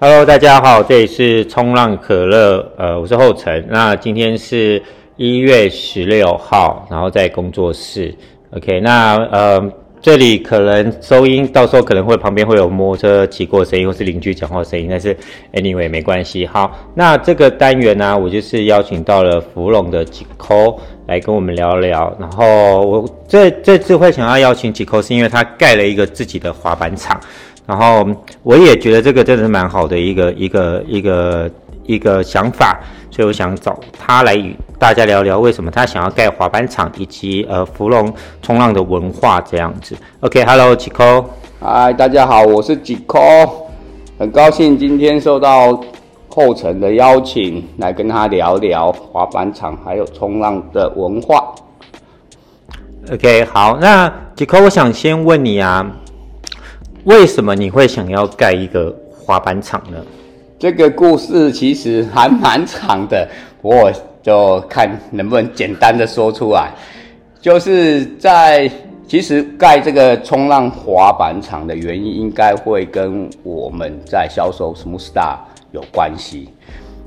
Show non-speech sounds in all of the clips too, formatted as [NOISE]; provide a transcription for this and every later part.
Hello，大家好，這裡是衝浪可樂，呃，我是後成。那今天是一月十六號，然後在工作室，OK 那。那呃，這裡可能收音，到時候可能會旁邊會有摩托車騎過的聲音，或是鄰居講話的聲音，但是 Anyway 沒關係。好，那這個單元呢、啊，我就是邀請到了福隆的幾扣來跟我們聊聊。然後我這這次會想要邀請幾扣是因為他蓋了一個自己的滑板場。然後我也覺得這個真的是蠻好的一個一個一個一個，一個想法，所以我想找他來與大家聊聊為什麼他想要蓋滑板場，以及呃，福隆衝浪的文化這樣子。OK，Hello，、okay, 一塊，嗨，大家好，我是一塊，很高興今天受到後成的邀請來跟他聊聊滑板場還有衝浪的文化。OK，好，那一塊，我想先問你啊。為什麼你會想要蓋一個滑板場呢？這個故事其實還蠻長的，我就看能不能簡單的說出來。就是在其實蓋這個衝浪滑板場的原因，應該會跟我們在銷售 s m o Star 有關係。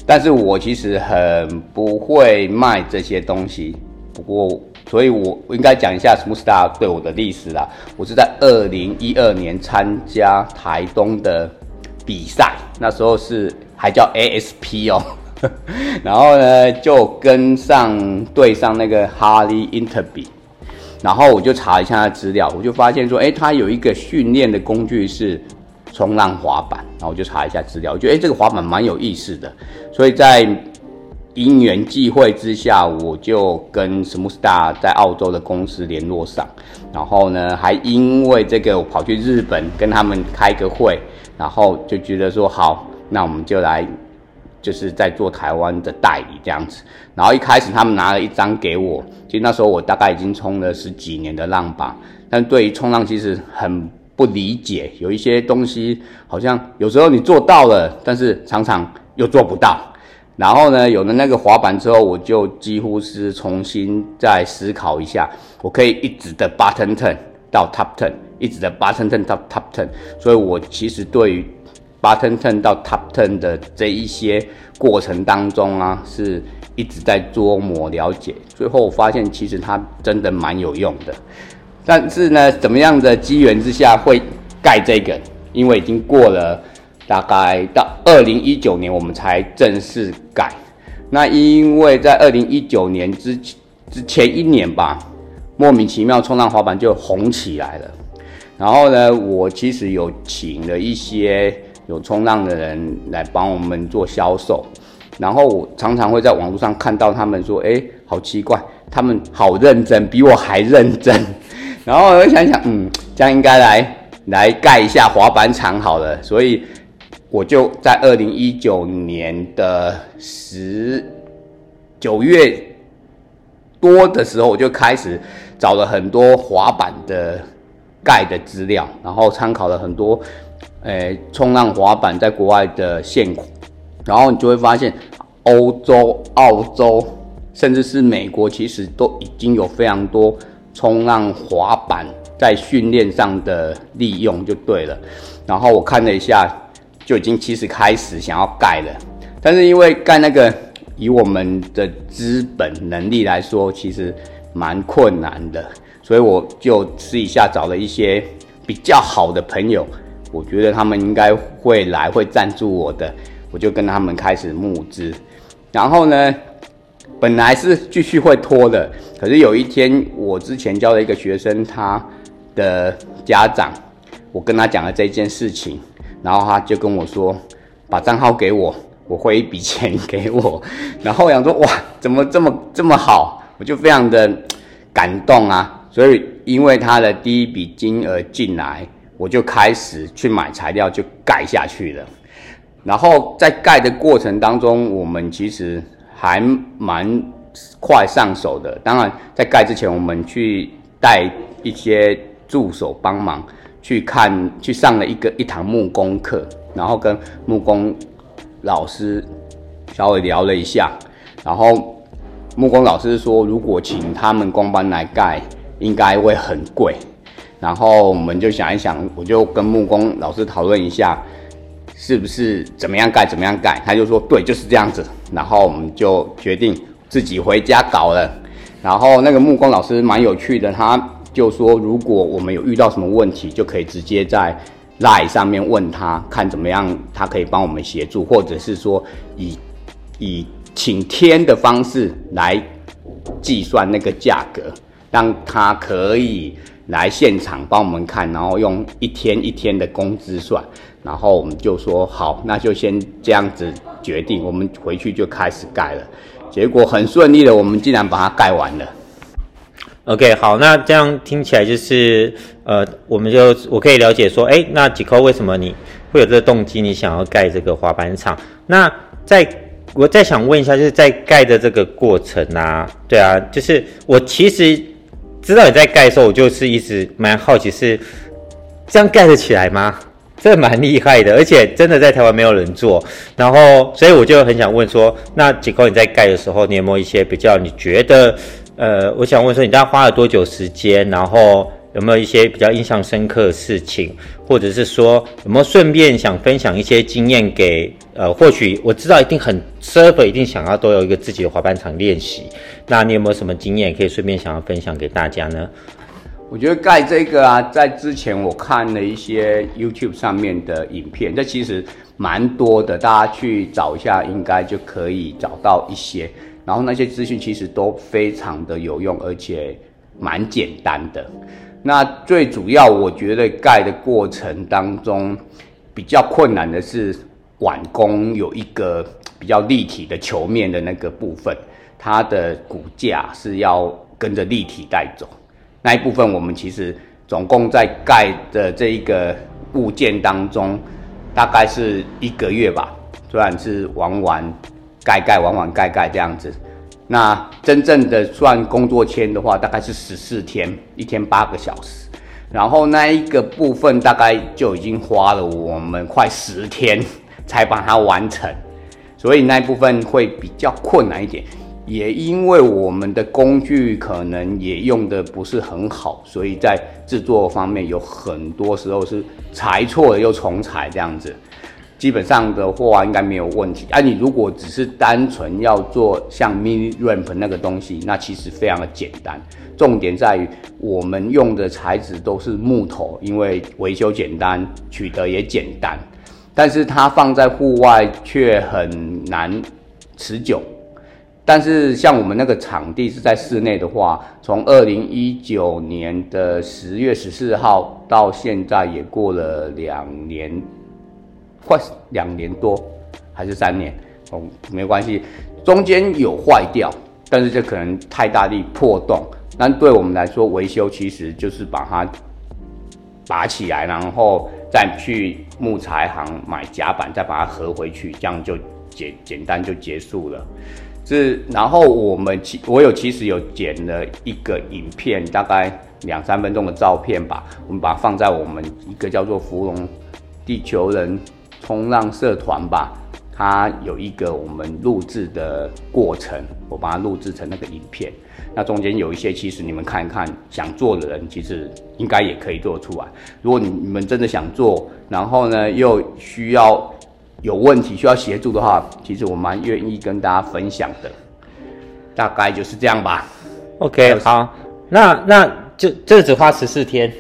但是我其實很不會賣這些東西，不過。所以我應該講一下 SmoothStar 對我的歷史啦。我是在二零一二年參加台東的比賽，那時候是還叫 ASP 哦、喔。 [LAUGHS] 然後呢，就跟上對上那個 Harley Ingleby。然後我就查一下資料，我就發現說，誒、欸，他有一個訓練的工具是衝浪滑板。然後我就查一下資料，我覺得誒、欸，這個滑板蠻有意思的。所以在因緣際會之下，我就跟 SmoothStar 在澳洲的公司聯絡上，然後呢，還因為這個我跑去日本跟他們開個會，然後就覺得說好，那我們就來，就是在做台灣的代理這樣子。然後一開始他們拿了一張給我，其實那時候我大概已經衝了十幾年的浪板，但對於衝浪其實很不理解，有一些東西好像有時候你做到了，但是常常又做不到。然後呢，有了那個滑板之後，我就幾乎是重新再思考一下，我可以一直的 bottom turn 到 top turn，一直的 bottom turn 到 top top turn。所以我其實對於 bottom turn 到 top turn 的這一些過程當中啊，是一直在琢磨了解。最後我發現其實它真的蠻有用的。但是呢，怎麼樣的機緣之下會蓋這個？因為已經過了。大概到二零一九年，我們才正式蓋，那因為在二零一九年之之前一年吧，莫名其妙衝浪滑板就紅起來了。然後呢，我其實有請了一些有衝浪的人來幫我們做銷售。然後我常常會在網絡上看到他們說：“哎、欸，好奇怪，他們好認真，比我還認真。”然後我就想一想，嗯，這樣應該來來蓋一下滑板場好了。所以。我就在二零一九年的十九月多的時候，我就開始找了很多滑板的蓋的資料，然後參考了很多，誒、欸，衝浪滑板在國外的現況，然後你就會發現，歐洲、澳洲，甚至是美國，其實都已經有非常多衝浪滑板在訓練上的利用，就對了。然後我看了一下。就已經其實開始想要蓋了，但是因為蓋那個以我們的資本能力來說，其實蠻困難的，所以我就私底下找了一些比較好的朋友，我覺得他們應該會來會贊助我的，我就跟他們開始募資。然後呢，本來是繼續會拖的，可是有一天我之前教的一個學生，他的家長，我跟他講了這件事情。然後他就跟我說：“把賬號給我，我匯一筆錢給我。”然後我想說：“哇，怎麼這麼這麼好？”我就非常的感動啊。所以因為他的第一筆金額進來，我就開始去買材料就蓋下去了。然後在蓋的過程當中，我們其實還蠻快上手的。當然，在蓋之前，我們去帶一些助手幫忙。去看去上了一個一堂木工課，然後跟木工老師稍微聊了一下，然後木工老師說，如果請他們工班來蓋，應該會很貴。然後我們就想一想，我就跟木工老師討論一下，是不是怎麼樣蓋，怎麼樣蓋。他就說對，就是這樣子。然後我們就決定自己回家搞了。然後那個木工老師蠻有趣的，他。就說，如果我們有遇到什麼問題，就可以直接在 LINE 上面問他，看怎麼樣，他可以幫我們協助，或者是說以以請天的方式來計算那個價格，讓他可以來現場幫我們看，然後用一天一天的工資算，然後我們就說好，那就先這樣子決定，我們回去就開始蓋了，結果很順利的，我們竟然把它蓋完了。OK，好，那這樣聽起來就是，呃，我們就我可以了解說，誒、欸、那幾顆為什麼你會有這個動機，你想要蓋這個滑板場？那在，我再想問一下，就是在蓋的這個過程啊，對啊，就是我其實知道你在蓋的時候，我就是一直蠻好奇是這樣蓋得起來嗎？這蠻厲害的，而且真的在台灣沒有人做，然後所以我就很想問說，那幾顆你在蓋的時候，你有沒有一些比較你覺得？呃，我想問說，你大概花了多久時間？然後有沒有一些比較印象深刻的事情，或者是說有沒有順便想分享一些經驗給？呃，或許我知道一定很 serve，r 一定想要都有一個自己的滑板場練習。那你有沒有什麼經驗可以順便想要分享給大家呢？我覺得蓋這個啊，在之前我看了一些 YouTube 上面的影片，這其實蠻多的，大家去找一下，應該就可以找到一些。然後那些資訊其實都非常的有用，而且蠻簡單的。那最主要，我覺得蓋的過程當中比較困難的是碗公，有一個比較立體的球面的那個部分，它的骨架是要跟着立體帶走那一部分。我們其實總共在蓋的這一個物件當中，大概是一個月吧，雖然是玩完。蓋蓋，往往蓋蓋這樣子。那真正的算工作天的話，大概是十四天，一天八個小時。然後那一個部分大概就已經花了我們快十天才把它完成，所以那部分會比較困難一點。也因為我們的工具可能也用的不是很好，所以在製作方面有很多時候是裁錯了又重裁這樣子。基本上的話應該沒有問題。啊，你如果只是單純要做像 mini ramp 那個東西，那其實非常的簡單。重點在於，我們用的材質都是木頭，因為維修簡單，取得也簡單。但是它放在戶外卻很難持久。但是像我們那個場地是在室內的話，從二零一九年的十月十四號到現在也過了兩年。快兩年多，還是三年，哦，沒關係，中間有壞掉，但是這可能太大力破洞，那對我們來說維修其實就是把它拔起來，然後再去木材行買夾板，再把它合回去，這樣就簡簡單就結束了。是，然後我們其我有其實有剪了一個影片，大概兩三分鐘的照片吧，我們把它放在我們一個叫做“福隆地球人”。衝浪社團吧，它有一個我們錄製的過程，我把它錄製成那個影片。那中間有一些，其實你們看一看，想做的人其實應該也可以做出來。如果你你們真的想做，然後呢又需要有問題需要協助的話，其實我蠻願意跟大家分享的。大概就是這樣吧。OK，好，那那就這只花十四天，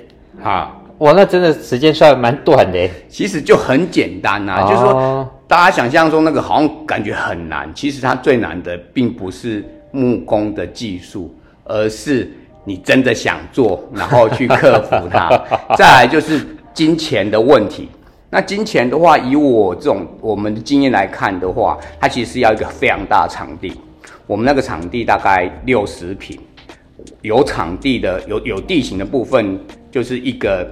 好。哇，那真的時間算蠻短的。其實就很簡單吶、啊，oh. 就是說大家想象中那個好像感覺很難，其實它最難的並不是木工的技術，而是你真的想做，然後去克服它。 [LAUGHS] 再來就是金錢的問題。 [LAUGHS] 那金錢的話，以我這種我們的經驗來看的話，它其實是要一個非常大場地。我們那個場地大概六十坪，有場地的有有地形的部分就是一個。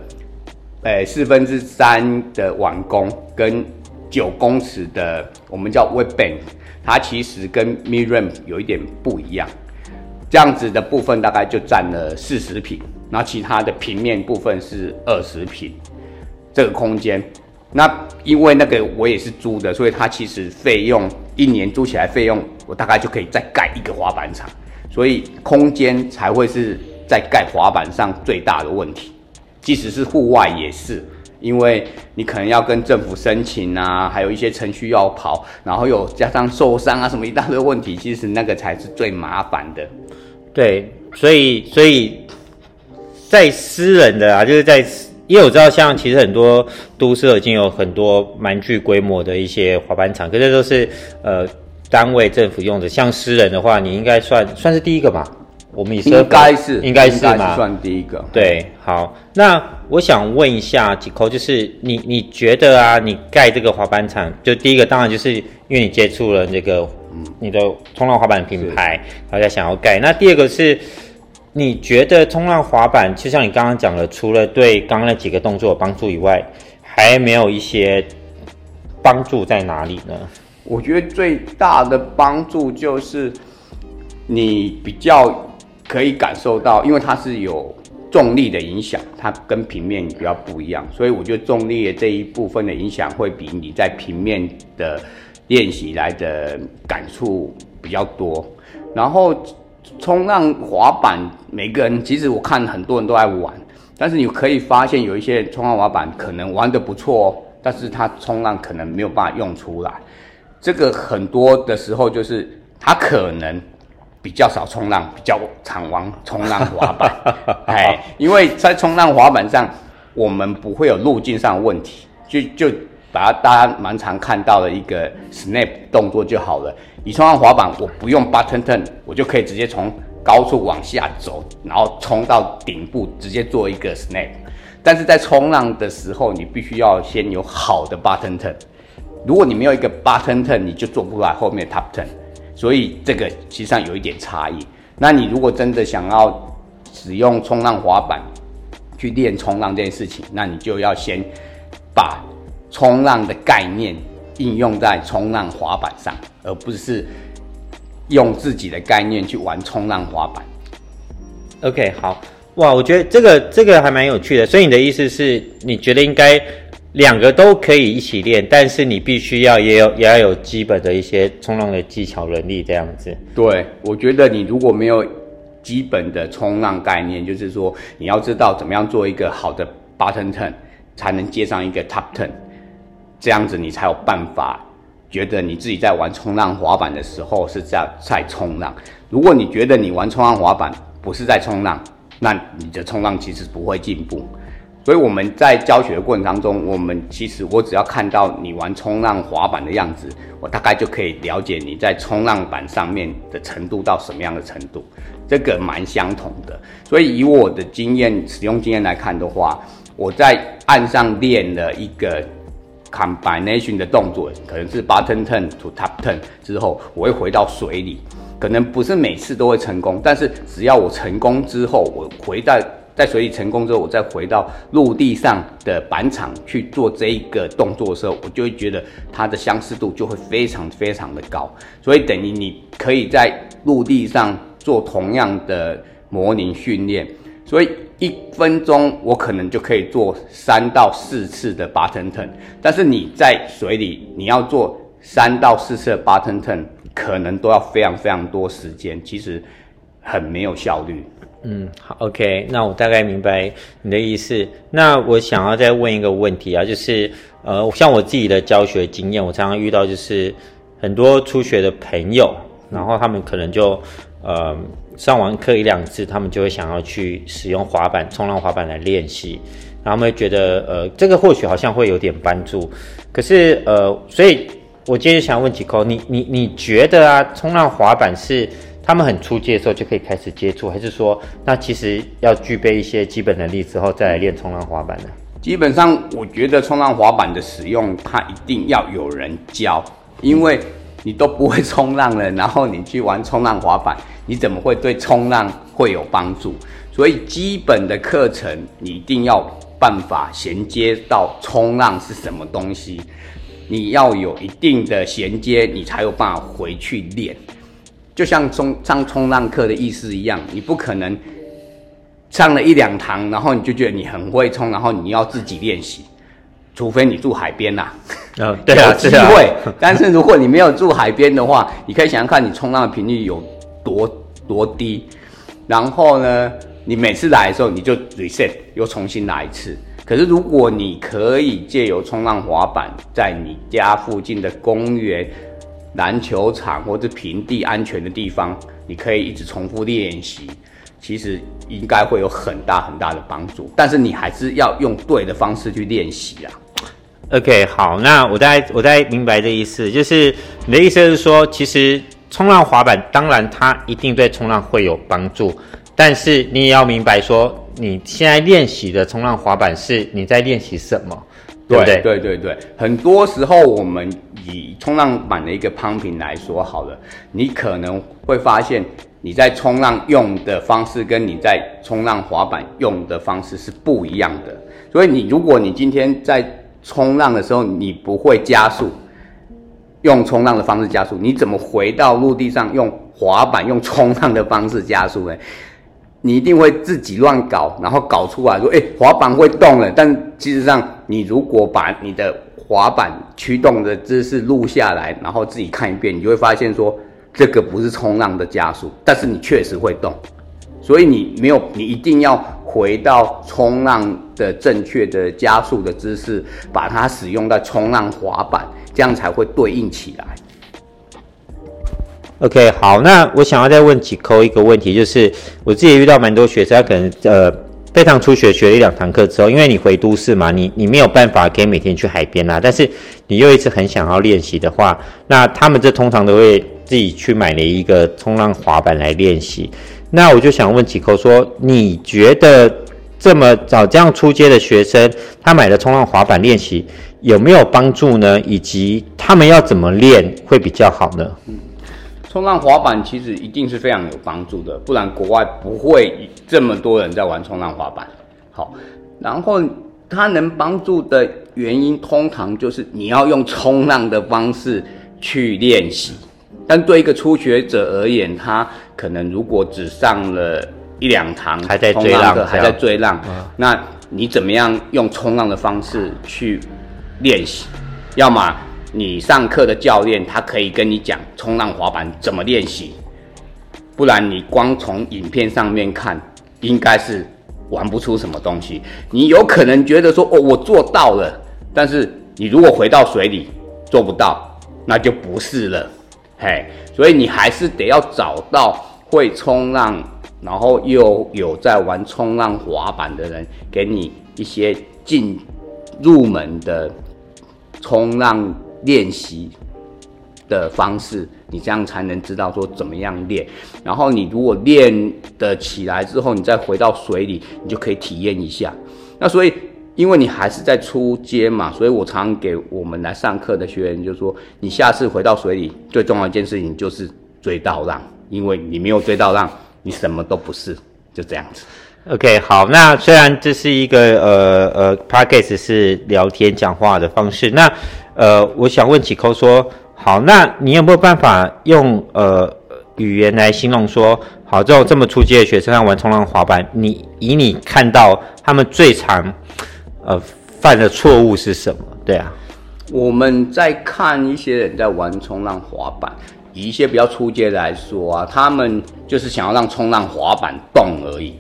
誒、欸，四分之三的完工跟九公尺的，我們叫 web bank，它其實跟 miram 有一點不一樣。這樣子的部分大概就佔了四十平，然後其他的平面部分是二十平，這個空間。那因為那個我也是租的，所以它其實費用一年租起來費用，我大概就可以再蓋一個滑板場，所以空間才會是在蓋滑板上最大的問題。即使是戶外也是，因為你可能要跟政府申請啊，還有一些程序要跑，然後又加上受傷啊什麼一大堆問題，其實那個才是最麻煩的。對，所以所以，在私人的啊，就是在因為我知道，像其實很多都市已經有很多蠻具規模的一些滑板場，可是都是呃單位政府用的。像私人的話，你應該算算是第一個吧。我們也是應該是應該是嘛，是算第一個。對，好，那我想問一下幾扣，就是你，你覺得啊，你蓋這個滑板場，就第一個當然就是因為你接觸了那個，你的衝浪滑板品牌，大家想要蓋。那第二個是，你覺得衝浪滑板，就像你剛剛講的，除了對剛剛那幾個動作有幫助以外，還沒有一些幫助在哪裡呢？我覺得最大的幫助就是你比較。可以感受到，因為它是有重力的影響，它跟平面比較不一樣，所以我覺得重力的這一部分的影響會比你在平面的練習來的感觸比較多。然後衝浪滑板，每個人其實我看很多人都愛玩，但是你可以發現有一些衝浪滑板可能玩得不錯哦，但是他衝浪可能沒有辦法用出來。這個很多的時候就是他可能。比較少衝浪，比較常玩衝浪滑板， [LAUGHS] 哎，因為在衝浪滑板上，我們不會有路徑上的問題，就就把大家蠻常看到的一個 snap 動作就好了。你衝浪滑板，我不用 button turn，我就可以直接從高處往下走，然後衝到頂部，直接做一個 snap。但是在衝浪的時候，你必須要先有好的 button turn。如果你沒有一個 button turn，你就做不出來後面 top turn。所以這個其實上有一點差異。那你如果真的想要使用衝浪滑板去練衝浪這件事情，那你就要先把衝浪的概念應用在衝浪滑板上，而不是用自己的概念去玩衝浪滑板。OK，好，哇，我覺得這個這個還蠻有趣的。所以你的意思是你覺得應該？兩個都可以一起練，但是你必須要也有也要有基本的一些衝浪的技巧能力這樣子。對，我覺得你如果沒有基本的衝浪概念，就是說你要知道怎麼樣做一個好的 bottom turn，才能接上一個 top turn，這樣子你才有辦法覺得你自己在玩衝浪滑板的時候是在在衝浪。如果你覺得你玩衝浪滑板不是在衝浪，那你的衝浪其實不會進步。所以我們在教學的過程當中，我們其實我只要看到你玩衝浪滑板的樣子，我大概就可以了解你在衝浪板上面的程度到什麼樣的程度，這個蠻相同的。所以以我的經驗、使用經驗來看的話，我在岸上練了一個 combination 的動作，可能是 bottom turn to top turn 之後，我會回到水裡，可能不是每次都會成功，但是只要我成功之後，我回到。在水裡成功之後，我再回到陸地上的板場去做這一個動作的時候，我就會覺得它的相似度就會非常非常的高。所以等於你可以在陸地上做同樣的模擬訓練。所以一分鐘我可能就可以做三到四次的 bottom turn，但是你在水裡你要做三到四次的 bottom turn，可能都要非常非常多時間，其實很沒有效率。嗯，好，OK，那我大概明白你的意思。那我想要再問一個問題啊，就是，呃，像我自己的教學經驗，我常常遇到就是很多初學的朋友，然後他們可能就，呃，上完課一兩次，他們就會想要去使用滑板、衝浪滑板來練習，然後他們會覺得，呃，這個或許好像會有點幫助，可是，呃，所以我今天想問一塊，你你你覺得啊，衝浪滑板是？他們很初階的時候就可以開始接觸，還是說那其實要具備一些基本能力之後再來練衝浪滑板呢？基本上，我覺得衝浪滑板的使用它一定要有人教，因為你都不會衝浪了，然後你去玩衝浪滑板，你怎麼會對衝浪會有幫助？所以基本的課程你一定要辦法銜接到衝浪是什麼東西，你要有一定的銜接，你才有辦法回去練。就像衝上衝浪課的意思一樣，你不可能上了一兩堂，然後你就覺得你很會衝，然後你要自己練習，除非你住海邊吶、啊 oh, 啊。 [LAUGHS] 對啊，有機會。但是如果你沒有住海邊的話， [LAUGHS] 你可以想想看你衝浪的頻率有多多低。然後呢，你每次來的時候你就 reset，又重新來一次。可是如果你可以借由衝浪滑板，在你家附近的公園。籃球場或者平地安全的地方，你可以一直重複練習，其實應該會有很大很大的幫助。但是你還是要用對的方式去練習啊。OK，好，那我再我再明白這意思，就是你的意思是說，其實衝浪滑板當然它一定對衝浪會有幫助，但是你也要明白說，你現在練習的衝浪滑板是你在練習什麼？對對對對，很多時候我們以衝浪板的一個 pumping 來說好了，你可能會發現你在衝浪用的方式跟你在衝浪滑板用的方式是不一樣的。所以你如果你今天在衝浪的時候，你不會加速，用衝浪的方式加速，你怎麼回到陸地上用滑板用衝浪的方式加速呢？你一定會自己亂搞，然後搞出來說：“欸，滑板會動了。”但其實上，你如果把你的滑板驅動的姿勢錄下來，然後自己看一遍，你就會發現說，這個不是衝浪的加速，但是你確實會動。所以你沒有，你一定要回到衝浪的正確的加速的姿勢，把它使用到衝浪滑板，這樣才會對應起來。OK，好，那我想要再問幾扣一個問題，就是我自己遇到蠻多學生，可能呃，非常初學，學了一兩堂課之後，因為你回都市嘛，你你沒有辦法可以每天去海邊啦。但是你又一直很想要練習的話，那他們這通常都會自己去買了一個衝浪滑板來練習。那我就想問幾扣說，你覺得這麼早這樣初階的學生，他買了衝浪滑板練習有沒有幫助呢？以及他們要怎麼練會比較好呢？嗯衝浪滑板其實一定是非常有幫助的，不然國外不會這麼多人在玩衝浪滑板。好，然後它能幫助的原因，通常就是你要用衝浪的方式去練習。但對一個初學者而言，他可能如果只上了一兩堂，還在追浪，浪還在追浪，那你怎麼樣用衝浪的方式去練習？要麼？你上課的教練，他可以跟你講衝浪滑板怎麼練習，不然你光從影片上面看，應該是玩不出什麼東西。你有可能覺得說：“哦，我做到了。”但是你如果回到水裡做不到，那就不是了。嘿，所以你還是得要找到會衝浪，然後又有在玩衝浪滑板的人，給你一些進入門的衝浪。練習的方式，你這樣才能知道說怎麼樣練。然後你如果練的起來之後，你再回到水裡，你就可以體驗一下。那所以，因為你還是在初階嘛，所以我常給我們來上課的學員就是說：你下次回到水裡，最重要一件事情就是追到浪，因為你沒有追到浪，你什麼都不是。就這樣子。OK，好，那雖然這是一個呃呃，Podcast 是聊天講話的方式，那。呃，我想問幾扣說，好，那你有沒有辦法用呃語言來形容說，好，這種這麼初階的學生要玩衝浪滑板，你以你看到他們最常呃犯的錯誤是什麼？對啊，我們在看一些人在玩衝浪滑板，以一些比較初階的來說啊，他們就是想要讓衝浪滑板動而已，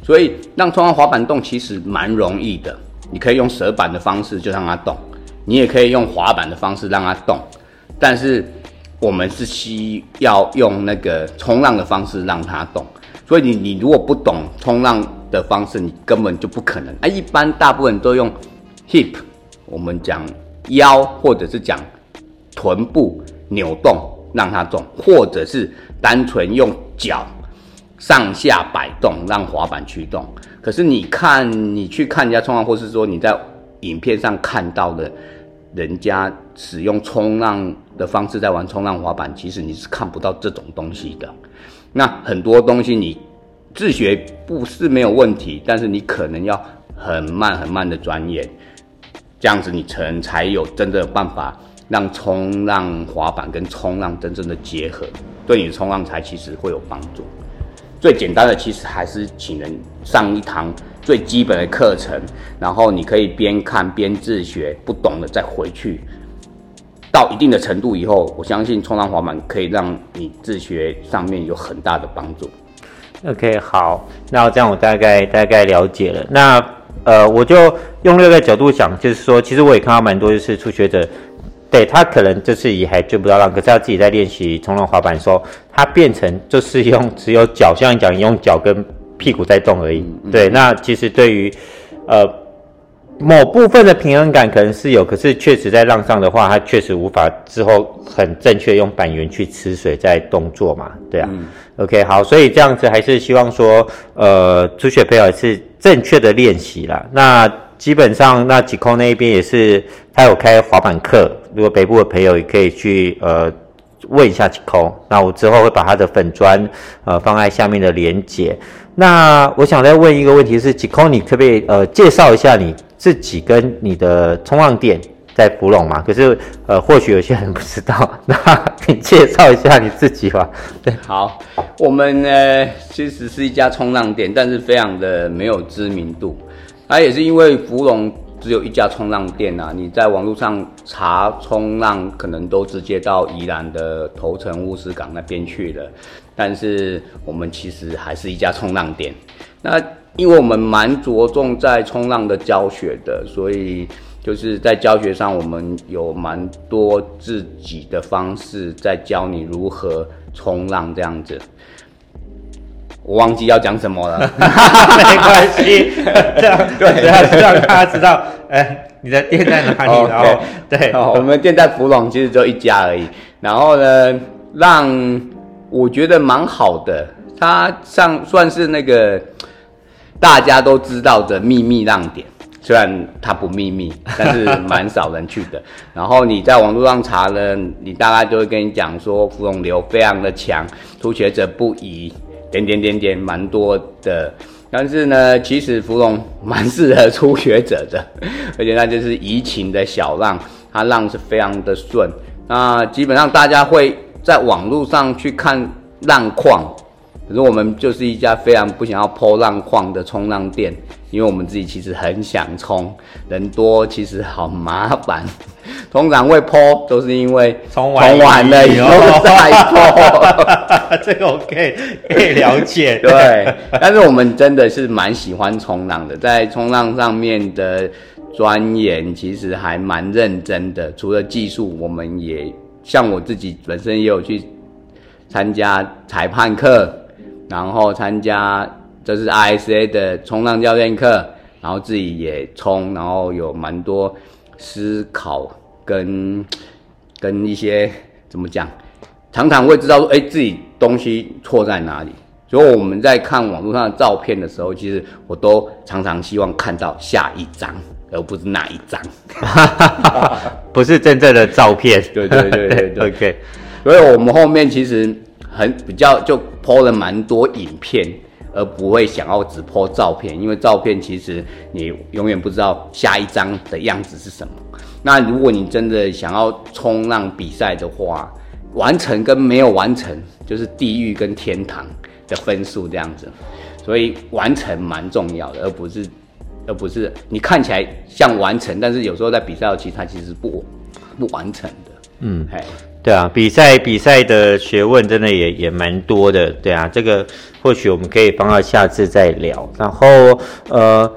所以讓衝浪滑板動其實蠻容易的，你可以用蛇板的方式就讓它動。你也可以用滑板的方式讓它動，但是我們是需要用那個衝浪的方式讓它動。所以你你如果不懂衝浪的方式，你根本就不可能。啊，一般大部分都用 hip，我們講腰或者是講臀部扭動讓它動，或者是單純用腳上下擺動讓滑板驅動。可是你看，你去看人家衝浪，或是說你在影片上看到的。人家使用衝浪的方式在玩衝浪滑板，其實你是看不到這種東西的。那很多東西你自學不是沒有問題，但是你可能要很慢很慢的鑽研，這樣子你才才有真正的辦法讓衝浪滑板跟衝浪真正的結合，對你的衝浪才其實會有幫助。最簡單的其實還是請人上一堂。最基本的課程，然後你可以邊看邊自學，不懂的再回去。到一定的程度以後，我相信衝浪滑板可以讓你自學上面有很大的幫助。OK，好，那這樣我大概大概了解了。那呃，我就用六個角度講，就是說，其實我也看到蠻多就是初學者，對，他可能這次也還追不到浪，可是他自己在練習衝浪滑板的時候，他變成就是用只有腳，像你講用腳跟。屁股在動而已。對，那其實對於呃某部分的平衡感可能是有，可是確實在浪上的話，他確實無法之後很正確用板緣去吃水再動作嘛。對啊、嗯。OK，好，所以這樣子還是希望說呃，初學朋友也是正確的練習啦。那基本上那吉空那一邊也是他有開滑板課，如果北部的朋友也可以去呃問一下吉空。那我之後會把他的粉專呃放在下面的連結。那我想再問一個問題是吉元你可不可以呃介紹一下你自己跟你的衝浪店在福隆嘛？可是呃或許有些人不知道，那你介紹一下你自己吧。對，好，我們呢、呃、其實是一家衝浪店，但是非常的沒有知名度，啊，也是因為福隆，只有一家衝浪店啊！你在網絡上查衝浪，可能都直接到宜蘭的頭城烏石港那邊去了。但是我們其實還是一家衝浪店，那因為我們蠻着重在衝浪的教學的，所以就是在教學上，我們有蠻多自己的方式在教你如何衝浪這樣子。我忘記要講什麼了， [LAUGHS] 沒關係係， [LAUGHS] 這樣對，這樣大家知道，哎、欸，你的店在哪裡？哦、okay，對，我們店在福隆，其實只有一家而已。然後呢，浪我覺得蠻好的，它上算是那個大家都知道的秘密浪點，雖然它不秘密，但是蠻少人去的。 [LAUGHS] 然後你在網絡上查呢，你大概就會跟你講說，福隆流非常的強，初學者不宜。點點點點，蠻多的，但是呢，其實福隆蠻適合初學者的，而且那就是怡情的小浪，它浪是非常的順。那、呃、基本上大家會在網絡上去看浪況，可是我們就是一家非常不想要潑浪況的衝浪店，因為我們自己其實很想衝，人多其實好麻煩，通常會剖都是因為衝完，衝完了以後再潑。 [LAUGHS] 啊，這個我可以可以了解， [LAUGHS] 對。 [LAUGHS] 但是我們真的是蠻喜歡衝浪的，在衝浪上面的鑽研其實還蠻認真的。除了技術，我們也像我自己本身也有去參加裁判課，然後參加這是 ISA 的衝浪教練課，然後自己也衝，然後有蠻多思考跟跟一些怎麼講，常常會知道說，哎、欸，自己。東西錯在哪裡？所以我們在看網絡上的照片的時候，其實我都常常希望看到下一張，而不是那一張。 [LAUGHS] 不是真正的照片。對對對對對，對， [LAUGHS] 對、okay。所以，我們後面其實很比較就 po 了蠻多影片，而不會想要只 po 照片，因為照片其實你永遠不知道下一張的樣子是什麼。那如果你真的想要衝浪比賽的話，完成跟沒有完成，就是地獄跟天堂的分數這樣子，所以完成蠻重要的，而不是，而不是你看起來像完成，但是有時候在比賽期，它其實不不完成的。嗯，對啊，比賽比賽的學問真的也也蠻多的。對啊，這個或許我們可以放到下次再聊。然後呃，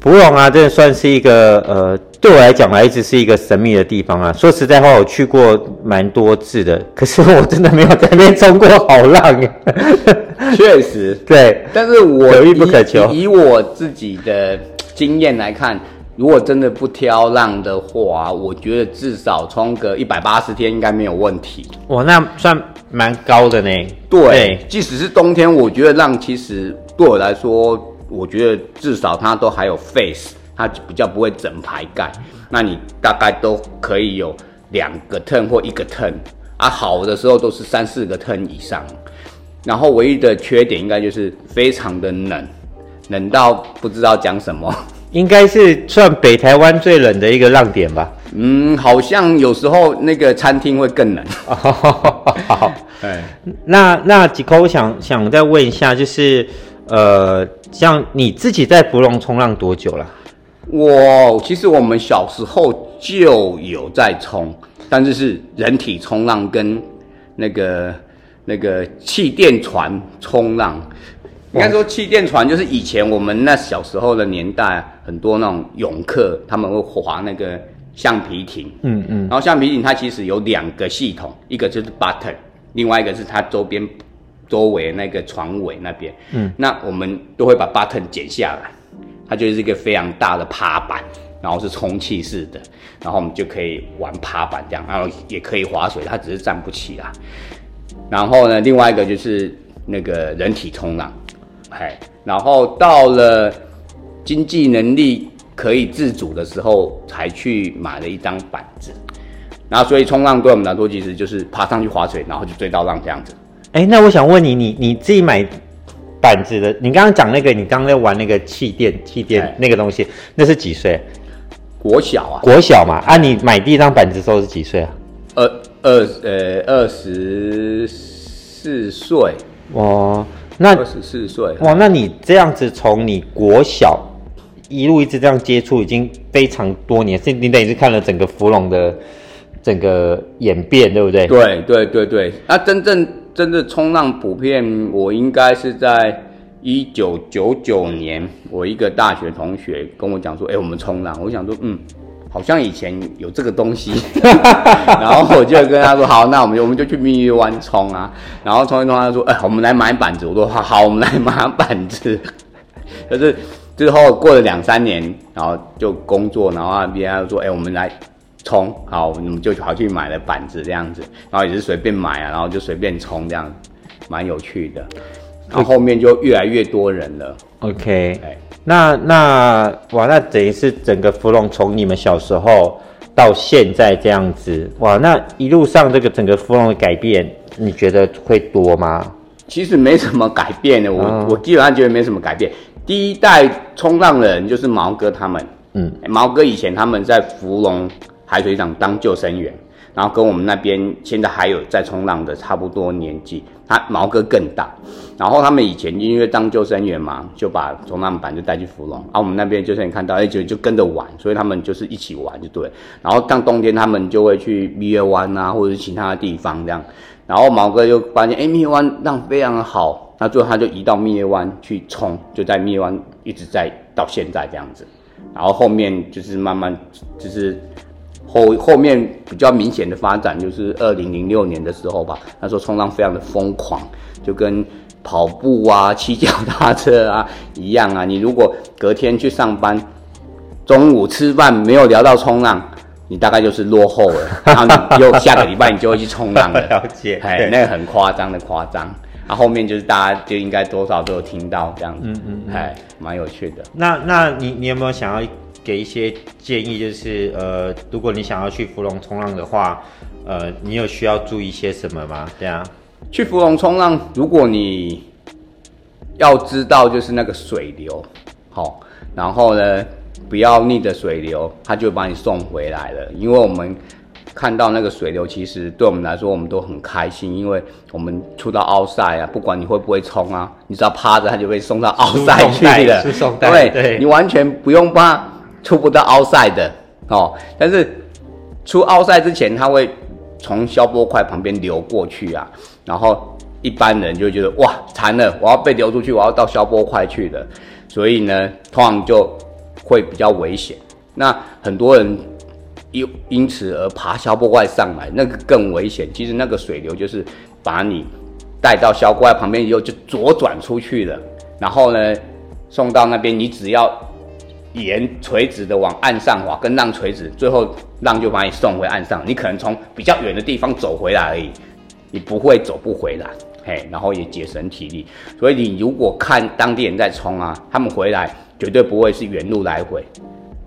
福隆啊，這算是一個呃。對我來講，來一直是一個神秘的地方啊。說實在話，我去過蠻多次的，可是我真的沒有在那邊衝過好浪啊。確實，對。但是我，可遇不可求。以以我自己的經驗來看，如果真的不挑浪的話，我覺得至少衝個一百八十天應該沒有問題。哇，那算蠻高的呢。對，欸、即使是冬天，我覺得浪其實對我來說，我覺得至少它都還有 face。它比較不會整排蓋，那你大概都可以有兩個 turn 或一個 turn 啊。好的時候都是三四個 turn 以上，然後唯一的缺點應該就是非常的冷，冷到不知道講什麼，應該是算北台灣最冷的一個浪點吧。嗯，好像有時候那個餐廳會更冷。哈哈哈對，那那一塊我想想再問一下，就是呃，像你自己在福隆衝浪多久了？哇、wow，其實我們小時候就有在衝，但是是人體衝浪跟那個那個氣墊船衝浪。應該說氣墊船就是以前我們那小時候的年代，很多那種泳客他們會划那個橡皮艇。嗯嗯。然後橡皮艇它其實有兩個系統，一個就是 button，另外一個是它周邊、周圍那個船尾那邊。嗯。那我們都會把 button 剪下來。它就是一個非常大的趴板，然後是充氣式的，然後我們就可以玩趴板這樣，然後也可以划水，它只是站不起來。然後呢，另外一個就是那個人體衝浪，哎，然後到了經濟能力可以自主的時候，才去買了一張板子。然後所以衝浪對我們來說其實就是爬上去划水，然後就追到浪這樣子。哎，那我想問你，你你自己買？板子的，你剛剛講那個，你剛剛在玩那個氣墊，氣墊、欸、那個東西，那是幾歲？國小啊，國小嘛啊，你買第一張板子的時候是幾歲啊？二二呃二十四歲。哇、欸哦，那二十四歲哇，那你這樣子從你國小一路一直這樣接觸，已經非常多年，是？你等於是看了整個福隆的整個演變，對不對？對對對對，那、啊、真正。真的衝浪普遍，我應該是在一九九九年，我一個大學同學跟我講說，哎、欸，我們衝浪。我想說，嗯，好像以前有這個東西。 [LAUGHS] [LAUGHS] 然後我就跟他說，好，那我們我們就去蜜月灣衝啊。然後衝一衝，他說，哎、欸，我們來買板子。我說，好，我們來買板子。可 [LAUGHS] 是之後過了兩三年，然後就工作，然後啊，別人又說，哎、欸，我們來。衝好，我們就跑去買了板子這樣子，然後也是隨便買啊，然後就隨便衝這樣，蠻有趣的。然後後面就越來越多人了。OK，那那哇，那等於是整個福隆從你們小時候到現在這樣子，哇，那一路上這個整個福隆的改變，你覺得會多嗎？其實沒什麼改變的，我、嗯、我基本上覺得沒什麼改變。第一代衝浪的人就是毛哥他們，嗯，欸、毛哥以前他們在福隆。海水浴場當救生員，然後跟我們那邊現在還有在衝浪的差不多年紀，他毛哥更大。然後他們以前因為當救生員嘛，就把衝浪板就帶去福隆。然後我們那邊救生員看到，哎，就就跟着玩，所以他們就是一起玩就對。然後到冬天他們就會去蜜月灣啊，或者是其他的地方這樣。然後毛哥就發現，哎，蜜月灣浪非常的好，那最後他就移到蜜月灣去衝，就在蜜月灣一直在到現在這樣子。然後後面就是慢慢就是。後後面比較明顯的發展就是二零零六年的時候吧，那時候衝浪非常的瘋狂，就跟跑步啊、騎腳踏車啊一樣啊。你如果隔天去上班，中午吃飯沒有聊到衝浪，你大概就是落後了。 [LAUGHS] 然後你又下個禮拜你就會去衝浪了。 [LAUGHS] 了解，哎，那個很誇張的誇張啊。後面就是大家就應該多少都有聽到這樣子，哎嗯嗯嗯，蠻有趣的。那那你你有沒有想要？給一些建議，就是呃，如果你想要去福隆衝浪的話，呃，你有需要注意些什麼嗎？對啊，去福隆衝浪，如果你要知道就是那個水流，好，哦，然後呢，不要逆着水流，他就把你送回來了。因為我們看到那個水流，其實對我們來說，我們都很開心，因為我們出到奧塞啊，不管你會不會衝啊，你只要趴着，它就會送到奧塞去了，代代對，對，你完全不用怕。出不到凹塞的哦，但是出凹塞之前，它會從消波塊旁邊流過去啊。然後一般人就覺得哇，慘了，我要被流出去，我要到消波塊去了。所以呢，通常就會比較危險。那很多人又因此而爬消波塊上來，那個更危險。其實那個水流就是把你帶到消波塊旁邊以後，就左轉出去了。然後呢，送到那邊，你只要。沿垂直的往岸上滑，跟浪垂直，最後浪就把你送回岸上。你可能從比較遠的地方走回來而已，你不會走不回來。嘿，然後也節省體力。所以你如果看當地人在衝啊，他們回來絕對不會是原路來回。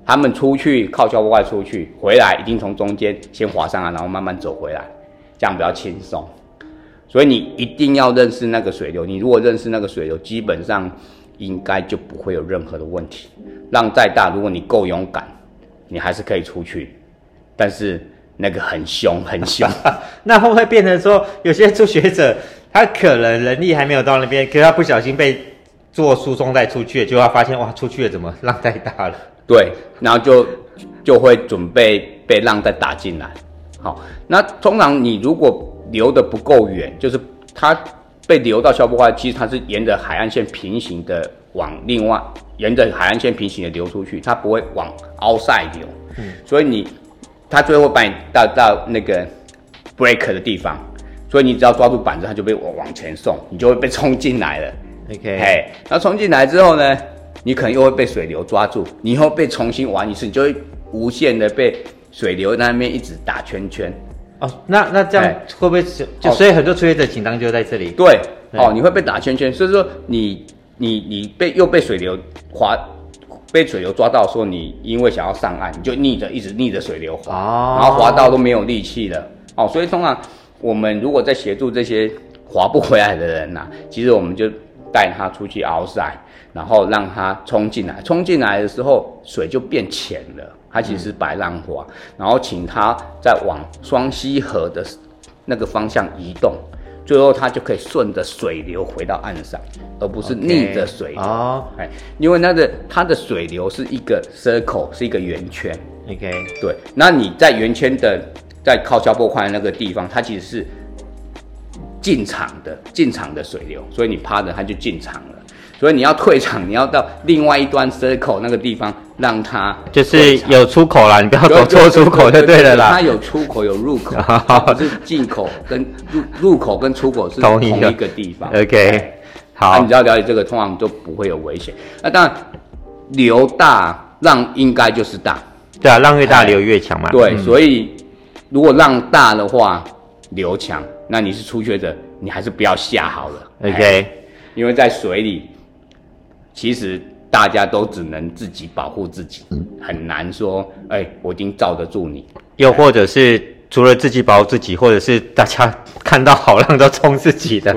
他們出去靠礁外出去，回來一定從中間先滑上啊，然後慢慢走回來，這樣比較輕鬆。所以你一定要認識那個水流。你如果認識那個水流，基本上。應該就不會有任何的問題。浪再大，如果你夠勇敢，你還是可以出去。但是那個很凶很凶， [LAUGHS] 那會不會變成說，有些初學者他可能能力還沒有到那邊，可是他不小心被做輸送帶出去，就要發現哇，出去了怎麼浪太大了？對，然後就就會準備被浪再打進來。好，那通常你如果留得不夠遠，就是他。被流到消波塊，其實它是沿着海岸線平行的往另外，沿着海岸線平行的流出去，它不會往 outside 流、嗯，所以你，它最後把你到到那個 break 的地方，所以你只要抓住板子，它就被往往前送，你就會被沖進來了。OK，嘿，那沖進來之後呢，你可能又會被水流抓住，你又被重新玩一次，你就會無限的被水流在那面一直打圈圈。哦，那那這樣會不會就、哦、就所以很多初學者緊張就在這裡對？對，哦，你會被打圈圈，所以說你你你被又被水流划，被水流抓到，說你因為想要上岸，你就逆着一直逆着水流划、哦，然後划到都沒有力氣了。哦，所以通常我們如果在協助這些划不回來的人呢、啊，其實我們就。帶他出去 outside，然後讓他衝進來。衝進來的時候，水就變淺了，它其實是白浪花、嗯。然後請他再往雙溪河的那個方向移動，最後他就可以順着水流回到岸上，而不是逆着水流。哦、okay，因為那個它的水流是一個 circle，是一個圓圈。OK，對，那你在圓圈的在靠礁坡塊那個地方，它其實是。進場的進場的水流，所以你趴着它就進場了。所以你要退場，你要到另外一端 circle 那個地方讓，讓它就是有出口啦，你不要走錯出口就對了啦。它、就是、有出口，有入口， [LAUGHS] 是進口跟入入口跟出口是同一個地方。 [LAUGHS] OK，好，啊、你只要了解這個，通常就不會有危險。那當然，流大浪應該就是大，對啊，浪越大流越強嘛。對、嗯，所以如果浪大的話，流強。那你是初學者，你還是不要下好了。OK，、欸、因為在水裡，其實大家都只能自己保護自己、嗯，很難說，哎、欸，我已經罩得住你。又或者是、欸、除了自己保護自己，或者是大家看到好浪都衝自己的，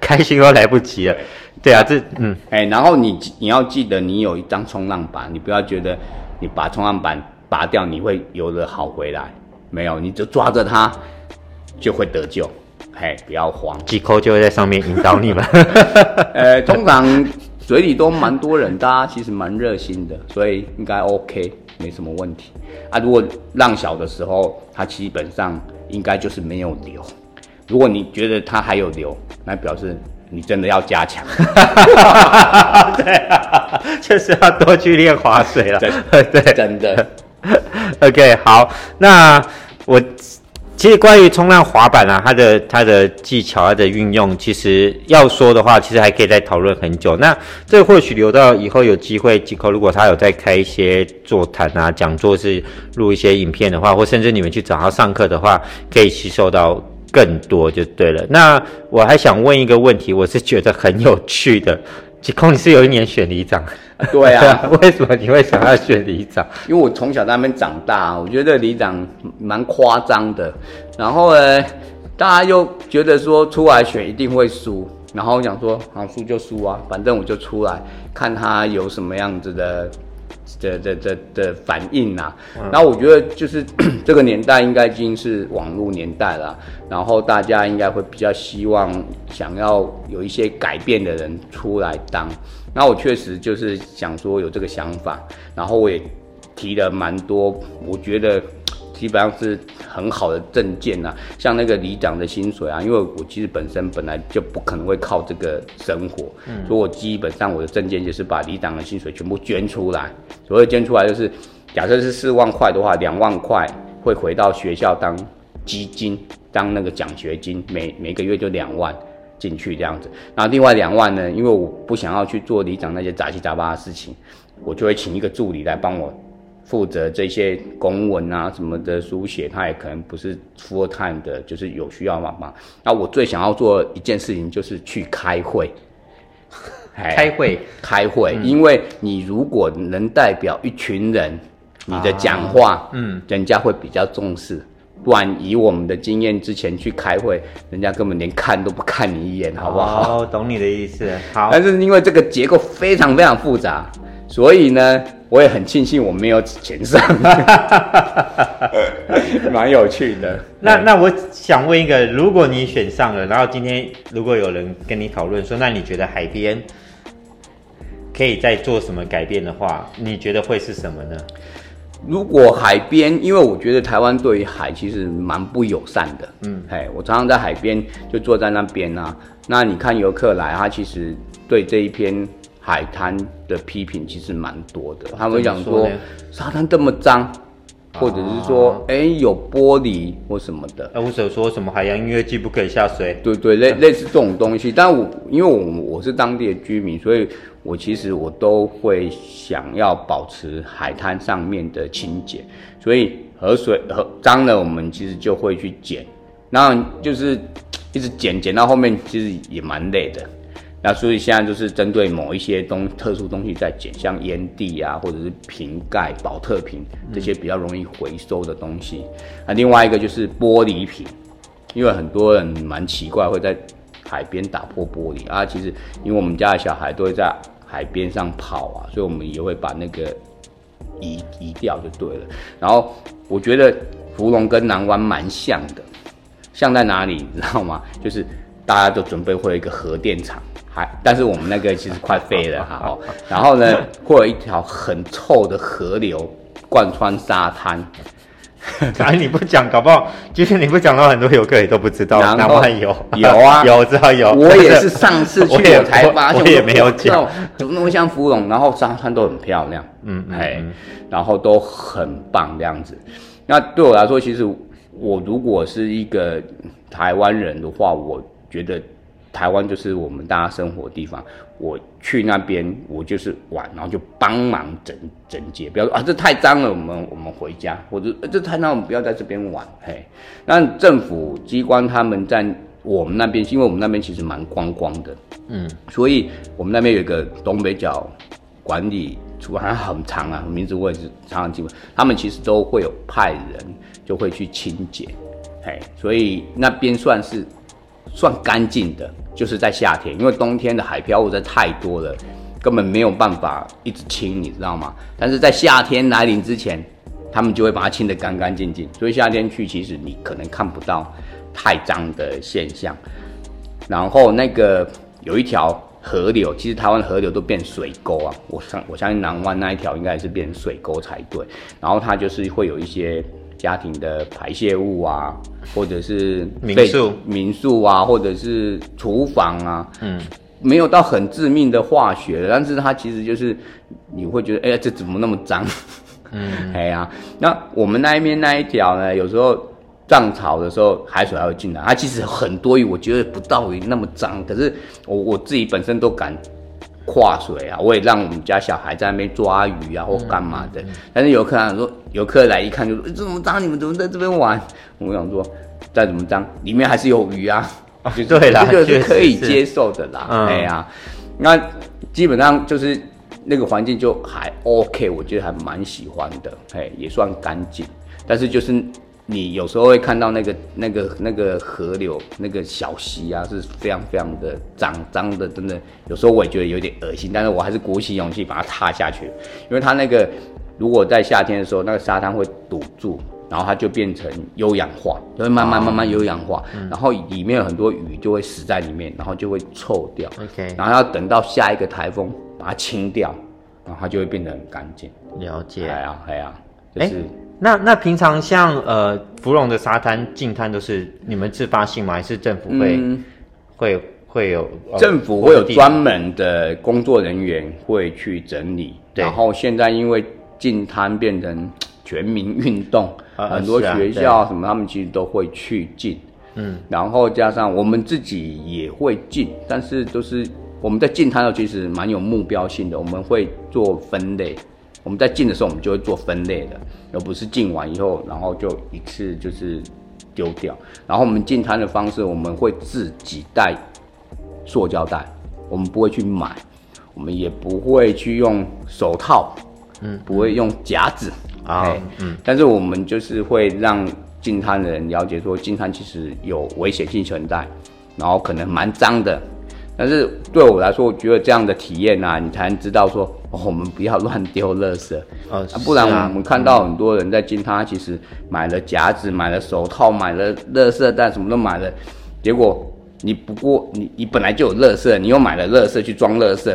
開心都來不及了對。對啊，這，嗯，哎、欸，然後你你要記得，你有一張衝浪板，你不要覺得你把衝浪板拔掉你會游得好回來，沒有，你就抓着它就會得救。嘿、hey，不要慌，一塊就會在上面引導你們 [LAUGHS] 。呃、 [LAUGHS] 欸，通常水裡都蠻多人，啊，大家其實蠻熱心的，所以應該 OK，沒什麼問題。啊，如果浪小的時候，它基本上應該就是沒有流。如果你覺得它還有流，那表示你真的要加強。 [LAUGHS] [LAUGHS] [LAUGHS] [LAUGHS] 對，確、就、實、是、要多去練滑水了。對 [LAUGHS] 對，真的。OK，好，那我。其實關於衝浪滑板啊，它的它的技巧，它的運用，其實要說的話，其實還可以再討論很久。那這或許留到以後有機會，如果如果他有再開一些座談啊、講座，是錄一些影片的話，或甚至你們去找他上課的話，可以吸收到更多就對了。那我還想問一個問題，我是覺得很有趣的。吉空，你是有一年選里長，啊對啊， [LAUGHS] 為什麼你會想要選里長？ [LAUGHS] 因為我從小在那邊長大，我覺得里長蠻誇張的，然後呢，大家又覺得說出來選一定會輸，然後我想說，好輸就輸啊，反正我就出來看他有什麼樣子的。這這這的反應吶、啊，Wow. 那我覺得就是這個年代應該已經是網絡年代了，然後大家應該會比較希望想要有一些改變的人出來當，那我確實就是想說有這個想法，然後我也提了蠻多，我覺得。基本上是很好的政見啊，像那個里長的薪水啊，因為我其實本身本來就不可能會靠這個生活，嗯、所以我基本上我的政見就是把里長的薪水全部捐出來。所謂捐出來就是，假設是四萬塊的話，兩萬塊會回到學校當基金，當那個獎學金，每每個月就兩萬進去這樣子。然後另外兩萬呢，因為我不想要去做里長那些雜七雜八的事情，我就會請一個助理來幫我。負責這些公文啊什麼的書寫，他也可能不是 full time 的，就是有需要幫忙。那我最想要做一件事情就是去開會， [LAUGHS] 開會， [LAUGHS] 開會、嗯，因為你如果能代表一群人，你的講話，嗯、啊，人家會比較重視。嗯、不然以我們的經驗，之前去開會，人家根本連看都不看你一眼。哦，好不好？懂你的意思。好，但是因為這個結構非常非常複雜，所以呢。我也很慶幸我沒有選上， [LAUGHS] 蠻 [LAUGHS] 有趣的 [LAUGHS] 那。那那我想問一個，如果你選上了，然後今天如果有人跟你討論說，那你覺得海邊可以再做什麼改變的話，你覺得會是什麼呢？如果海邊，因為我覺得台灣對於海其實蠻不友善的，嗯，嘿，我常常在海邊就坐在那邊啊，那你看遊客來，他其實對這一片。海灘的批評其實蠻多的，他們講說沙灘這麼髒，啊，或者是說哎、啊欸、有玻璃或什麼的，或，啊、者說什麼海洋音樂祭不可以下水，對對，對，類 [LAUGHS] 類似這種東西。但我因為我我是當地的居民，所以我其實我都會想要保持海灘上面的清潔，所以河水和髒了，我們其實就會去撿，然後就是一直撿，撿到後面其實也蠻累的。那所以現在就是針對某一些東特殊東西在撿，像菸蒂啊，或者是瓶蓋、寶特瓶這些比較容易回收的東西，嗯。那另外一個就是玻璃瓶，因為很多人蠻奇怪會在海邊打破玻璃啊。其實因為我們家的小孩都會在海邊上跑啊，所以我們也會把那個移移掉就對了。然後我覺得福隆跟南灣蠻像的，像在哪裡你知道嗎？就是大家都準備會有一個核電廠。還，但是我們那個其實快飛了哈。 [LAUGHS] 然後呢，會有一條很臭的河流貫穿沙灘。哎、 [LAUGHS] 啊，你不講，搞不好就是你不講到很多遊客也都不知道。南灣有有啊， [LAUGHS] 有我知道有。我也是上次去 [LAUGHS] 我才發現我，我也沒有講。怎麼那麼像芙蓉，然後沙灘都很漂亮，嗯哎、嗯嗯，然後都很棒這樣子。那對我來說，其實我如果是一個台灣人的話，我覺得。台灣就是我們大家生活的地方。我去那邊，我就是玩，然後就幫忙整整潔。不要說啊，這太髒了，我們我們回家。或者、啊、這太髒，我們不要在這邊玩。嘿。那政府機關他們在我們那邊，因為我們那邊其實蠻光光的，嗯，所以我們那邊有一個東北角管理處，好像很長啊，名字我也是常常記不。他們其實都會有派人就會去清潔，嘿，所以那邊算是算乾淨的。就是在夏天，因為冬天的海漂物在太多了，根本沒有辦法一直清，你知道嗎？但是在夏天來臨之前，他們就會把它清得乾乾淨淨，所以夏天去其實你可能看不到太髒的現象。然後那個有一條河流，其實台灣河流都變水溝啊，我相我相信南灣那一條應該也是變水溝才對。然後它就是會有一些。家庭的排泄物啊，或者是民宿民宿啊，或者是廚房啊，嗯，沒有到很致命的化學，但是它其實就是你會覺得，哎呀，這怎麼那麼髒？ [LAUGHS] 嗯，哎呀、啊，那我們那一面那一條呢，有時候漲潮的時候海水還會進來，它其實很多魚，我覺得不到於那麼髒，可是我我自己本身都敢。跨水啊，我也讓我們家小孩在那邊抓魚啊，或幹嘛的。嗯嗯嗯，但是遊客啊說，遊客來一看就說：“這、欸、怎麼髒？你們怎麼在這邊玩？”我想說，再怎麼髒，裡面還是有魚啊，啊就是、對了，這、就、個是可以接受的啦。哎呀、啊嗯，那基本上就是那個環境就還 OK，我覺得還蠻喜歡的，哎，也算乾淨。但是就是。你有時候會看到那個、那個、那個河流、那個小溪啊，是非常、非常的髒髒的，真的。有時候我也覺得有點噁心，但是我還是鼓起勇氣把它踏下去，因為它那個如果在夏天的時候，那個沙灘會堵住，然後它就變成優養化、啊，就會慢慢、慢慢優養化、嗯嗯，然後裡面有很多魚就會死在裡面，然後就會臭掉。OK。然後要等到下一個颱風把它清掉，然後它就會變得很乾淨。了解。對啊、啊，對啊、啊，就是。欸那那平常像呃福隆的沙灘淨灘都是你們自發性嗎？還是政府會、嗯、會會有、呃？政府會有專門的工作人員會去整理。對。然後現在因為淨灘變成全民運動，啊、很多學校什麼、啊、他們其實都會去淨。嗯。然後加上我們自己也會淨，但是就是我們在淨灘的時候其實蠻有目標性的，我們會做分類。我們在淨的時候，我們就會做分類的，而不是淨完以後，然後就一次就是丟掉。然後我們淨灘的方式，我們會自己帶塑膠袋，我們不會去買，我們也不會去用手套，嗯，不會用夾子啊，嗯，okay, 嗯。但是我們就是會讓淨灘的人了解說，淨灘其實有危險性存在，然後可能蠻髒的。但是對我來說，我覺得這樣的體驗啊，你才能知道說，哦，我們不要亂丟垃圾，oh, 啊，不然我們看到很多人在淨灘，啊，其實買了夾子、買了手套、買了垃圾袋，什麼都買了，結果你不過你你本來就有垃圾，你又買了垃圾去裝垃圾，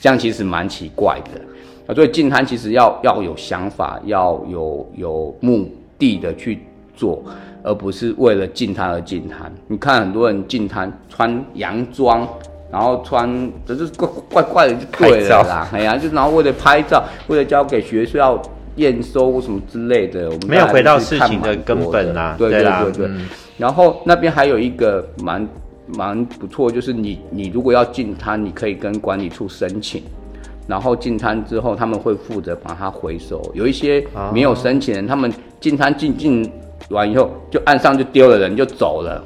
這樣其實蠻奇怪的。啊，所以淨灘其實要要有想法，要有有目的的去做，而不是為了淨灘而淨灘。你看很多人淨灘穿洋裝。然後穿這就是怪怪怪的就對了啦，哎呀、啊，就是、然後為了拍照，為了交給學校驗收什麼之類的，我們的，沒有回到事情的根本啦、啊，對對對、對、對、對、嗯。然後那邊還有一個蠻蠻不錯，就是你你如果要淨灘，你可以跟管理處申請，然後淨灘之後他們會負責把它回收。有一些沒有申請人，他們淨灘進進完以後就岸上就丟了人，人就走了。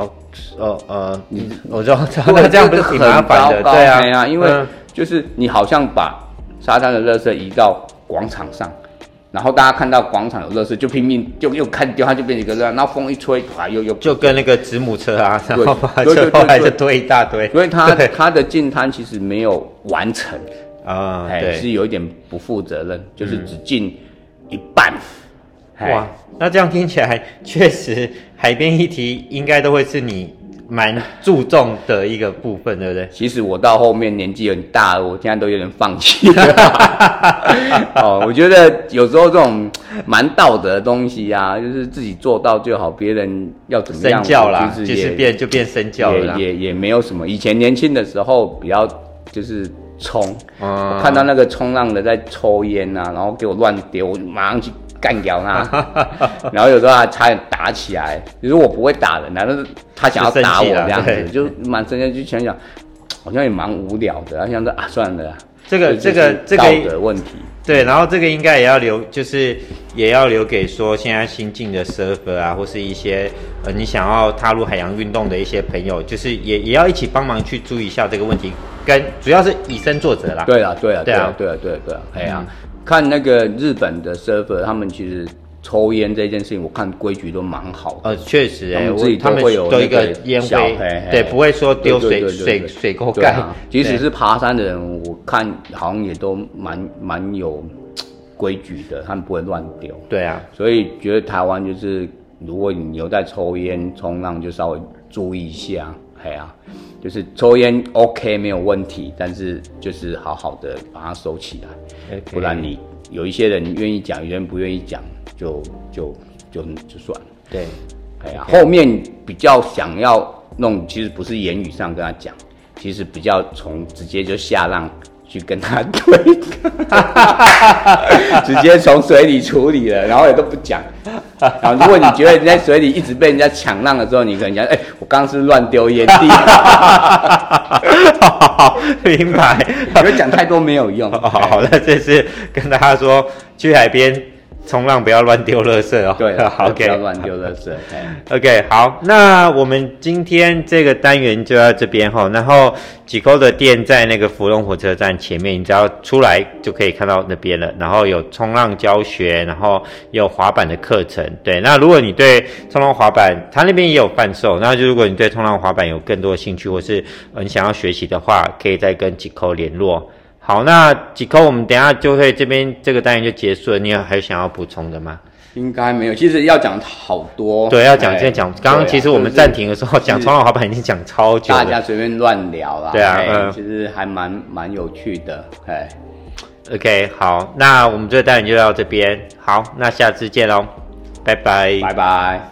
哦哦哦，呃、你我知道，那這樣不是、這個、很麻煩的？對啊，因為就是你好像把沙灘的垃圾移到廣場上、嗯，然後大家看到廣場有垃圾，就拼命就又開始丟，它就變成一個垃圾。然後風一吹，哎，又又就跟那個子母車啊，對然後車就堆一大堆。因為他他的淨灘其實沒有完成啊、嗯，對、欸，是有一點不負責任，就是只淨一半。嗯哇，那這樣聽起來確實，海邊議題應該都會是你蠻注重的一個部分，對不對？其實我到後面年紀有點大了，我現在都有點放棄了。 [LAUGHS] [LAUGHS] [LAUGHS] 哦，我覺得有時候這種蠻道德的東西啊，就是自己做到就好，別人要怎麼樣，身教啦就是也、就是、變就變身教了，也也,也沒有什麼。以前年輕的時候比較就是衝，嗯、我看到那個衝浪的在抽菸啊，然後給我亂丟，我就馬上去。幹掉他， [LAUGHS] 然後有時候還差點打起來。其實我不會打人啊，但是他想要打我這樣子，就蠻生氣，就想想，好像也蠻無聊的。然後想着啊，算了，這個這個這個道德問題，對。然後這個應該也要留，就是也要留給說現在新進的 surfer 啊，或是一些呃你想要踏入海洋運動的一些朋友，就是也也要一起幫忙去注意一下這個問題。跟主要是以身作則啦,啦,啦。對啊，對啊，對啊，對、嗯、啊，對對，啊。看那個日本的 server，他們其實抽菸這件事情，我看規矩都蠻好的。呃、哦，確實，他們自己都會有個都一個菸灰嘿嘿，對，不會說丟水對對對對對水水溝蓋、啊。即使是爬山的人，我看好像也都蠻蠻有規矩的，他們不會亂丟。對啊，所以覺得台灣就是，如果你有在抽菸、衝浪，就稍微注意一下。哎呀、啊，就是抽菸 OK 沒有問題，但是就是好好的把它收起來，okay. 不然你有一些人願意講，有些人不願意講，就就就就算了。對，哎呀、啊，okay. 後面比較想要弄，其實不是言語上跟他講，其實比較從直接就下浪。去跟他對 [LAUGHS] [LAUGHS] 直接從水裡處理了，然後也都不講。啊，如果你覺得你在水裡一直被人家搶浪的時候，你可能講，哎、欸，我剛是亂丟菸蒂。明白，我覺得講太多沒有用。哦，好，好，那這次跟大家說，去海邊。衝浪不要亂丟垃圾哦。對，好、 [LAUGHS] okay，不要亂丟垃圾。 [LAUGHS] OK，好，那我們今天這個單元就到這邊哦。然後一塊的店在那個福隆火車站前面，你只要出來就可以看到那邊了。然後有衝浪教學，然後有滑板的課程。對，那如果你對衝浪滑板，它那邊也有販售。那就如果你對衝浪滑板有更多的興趣，或是你想要學習的話，可以再跟一塊聯絡。好，那幾扣我們等一下就會這邊這個單元就結束了。你有還想要補充的嗎？應該沒有，其實要講好多。對，OK, 要講，現在講。剛剛其實我們暫停的時候，講衝浪滑板已經講超久大家隨便亂聊啦對啊，就是、老老對啊 OK, 嗯，其實還蠻蠻有趣的。哎 OK,、嗯、，OK，好，那我們這個單元就到這邊。好，那下次見嘍，拜拜，拜拜。